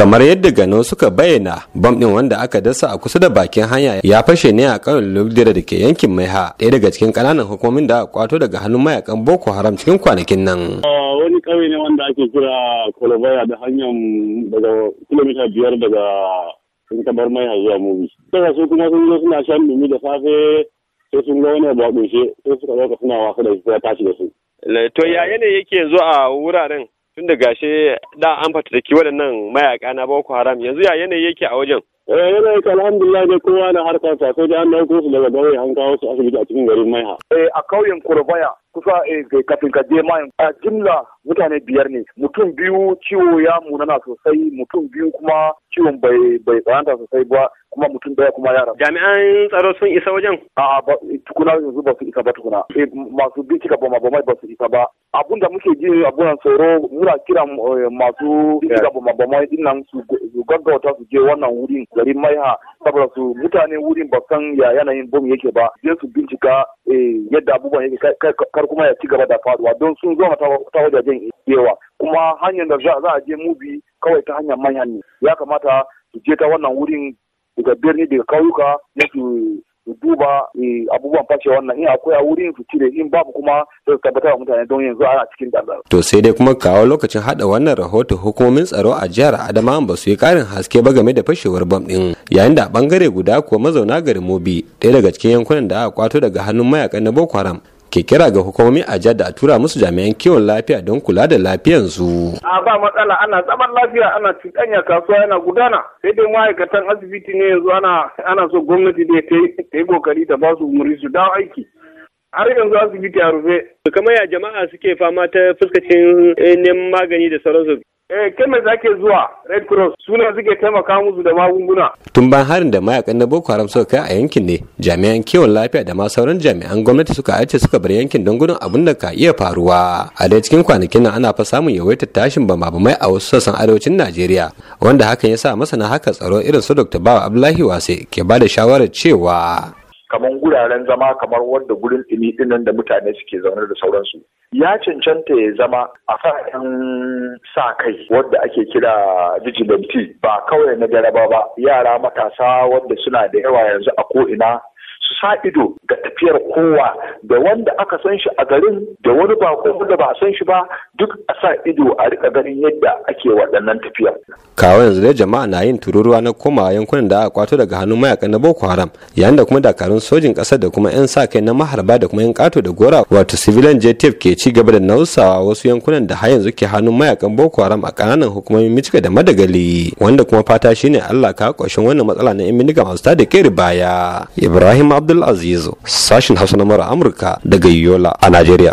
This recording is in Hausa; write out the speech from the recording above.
kamar yadda gano suka bayyana bam din wanda aka dasa a kusa da bakin hanya ya fashe ne a kan lugdira da ke yankin mai ha ɗaya daga cikin kananan hukumomin da kwato daga hannun mayakan boko haram cikin kwanakin nan wani ƙauye ne wanda ake kira kolobaya da hanyar daga kilomita biyar daga sun tabar maiha zuwa mubi daga su kuma sun zo suna shan dumi da safe sai sun ga wani ba kunshe sai suka ɗauka suna wasa da shi ya tashi da su to ya yanayi yake yanzu a wuraren tun da gashe da an fatattaki waɗannan mayaka na Boko Haram yanzu ya yanayi yake a wajen. Eh yanayi ka alhamdulillah ne kowa na harkar sa sai da an dauko su daga gauye an kawo su asibiti a cikin garin Maiha. Eh a kauyen Kurbaya kusa eh, kafin ka je mayan a jimla mutane biyar ne mutum biyu ciwo ya munana sosai mutum biyu kuma ciwon bai bai tsananta sosai ba kuma mutum daya kuma yara jami'an tsaro sun isa wajen a ba tukuna yanzu ba su isa ba tukuna eh, masu bincika bama bama ba su isa ba abun da muke ji abunan tsoro muna kira eh, masu bincika bama bama din nan su gaggauta su je wannan wurin garin maiha saboda su mutane wurin ba san ya yanayin bom yake ba je su bincika eh, yadda abubuwan yake kar kuma ya ci gaba da faduwa don sun zo ta wajajen yawa kuma hanyar da za a je mubi kawai ta hanyar manyan ne ya kamata su je ta wannan wurin daga birni daga kauyuka na su su duba eh, abubuwan fashe wannan in akwai a wurin su cire in babu kuma sai su tabbatar mutane don yanzu ana cikin dandara. To sai dai kuma kawo lokacin hada wannan rahoton hukumomin tsaro a jihar adama ba su yi karin haske ba game da fashewar bam din yayin da a bangare guda kuwa mazauna garin Mobi ɗaya daga cikin yankunan da aka kwato daga hannun mayakan na Boko Haram ke kira ga hukumomi a jihar da a tura musu jami'an kiwon lafiya don kula da su A ba matsala ana zaman lafiya ana cuɗanya kasuwa yana gudana sai dai ma'aikatan asibiti ne yanzu ana ana so gwamnati da ta yi kokari ta ba su umarni su dawo aiki. har yanzu asibiti a rufe. Kamar ya jama'a suke fama ta fuskacin eh, neman magani da sauransu. Eh, me zake zuwa Red Cross suna suke taimaka musu da magunguna. Tun ban harin da mayakan na Boko Haram suka kai a yankin ne, jami'an kiwon lafiya da ma sauran jami'an gwamnati suka aice suka bar yankin don gudun abin da ka iya faruwa. A dai cikin kwanakin nan ana fa samun yawaitar tashin bama-bamai a wasu sassan arewacin Najeriya, wanda hakan ya sa masana haka tsaro irin su Dr. Bawa Abdullahi Wase ke ba da shawarar cewa kamar guraren zama kamar wadda gurin ɗumi ɗinan da mutane suke zaune da sauransu ya cancanta ya zama a fa'in sa kai wadda ake kira vigilante ba kawai na jaraba ba yara matasa wadda suna da yawa yanzu a ko'ina su sa ido ga tafiyar kowa da wanda aka san shi a garin da wani bako da ba a san shi ba duk a sa ido a rika ganin yadda ake waɗannan tafiya. kawo yanzu dai jama'a na yin tururuwa na koma yankunan da aka kwato daga hannun mayakan na boko haram yayin da kuma dakarun sojin ƙasa da kuma 'yan sa kai na maharba da kuma 'yan ƙato da gora wato civilian jtf ke ci gaba da nausawa wasu yankunan da har yanzu ke hannun mayakan boko haram a ƙananan hukumomin michiga da madagali wanda kuma fata shine allah ka ƙoshin wannan matsala na 'yan miniga masu tada keri baya ibrahim abdulaziz sashin hausa na mara amurka daga yola a najeriya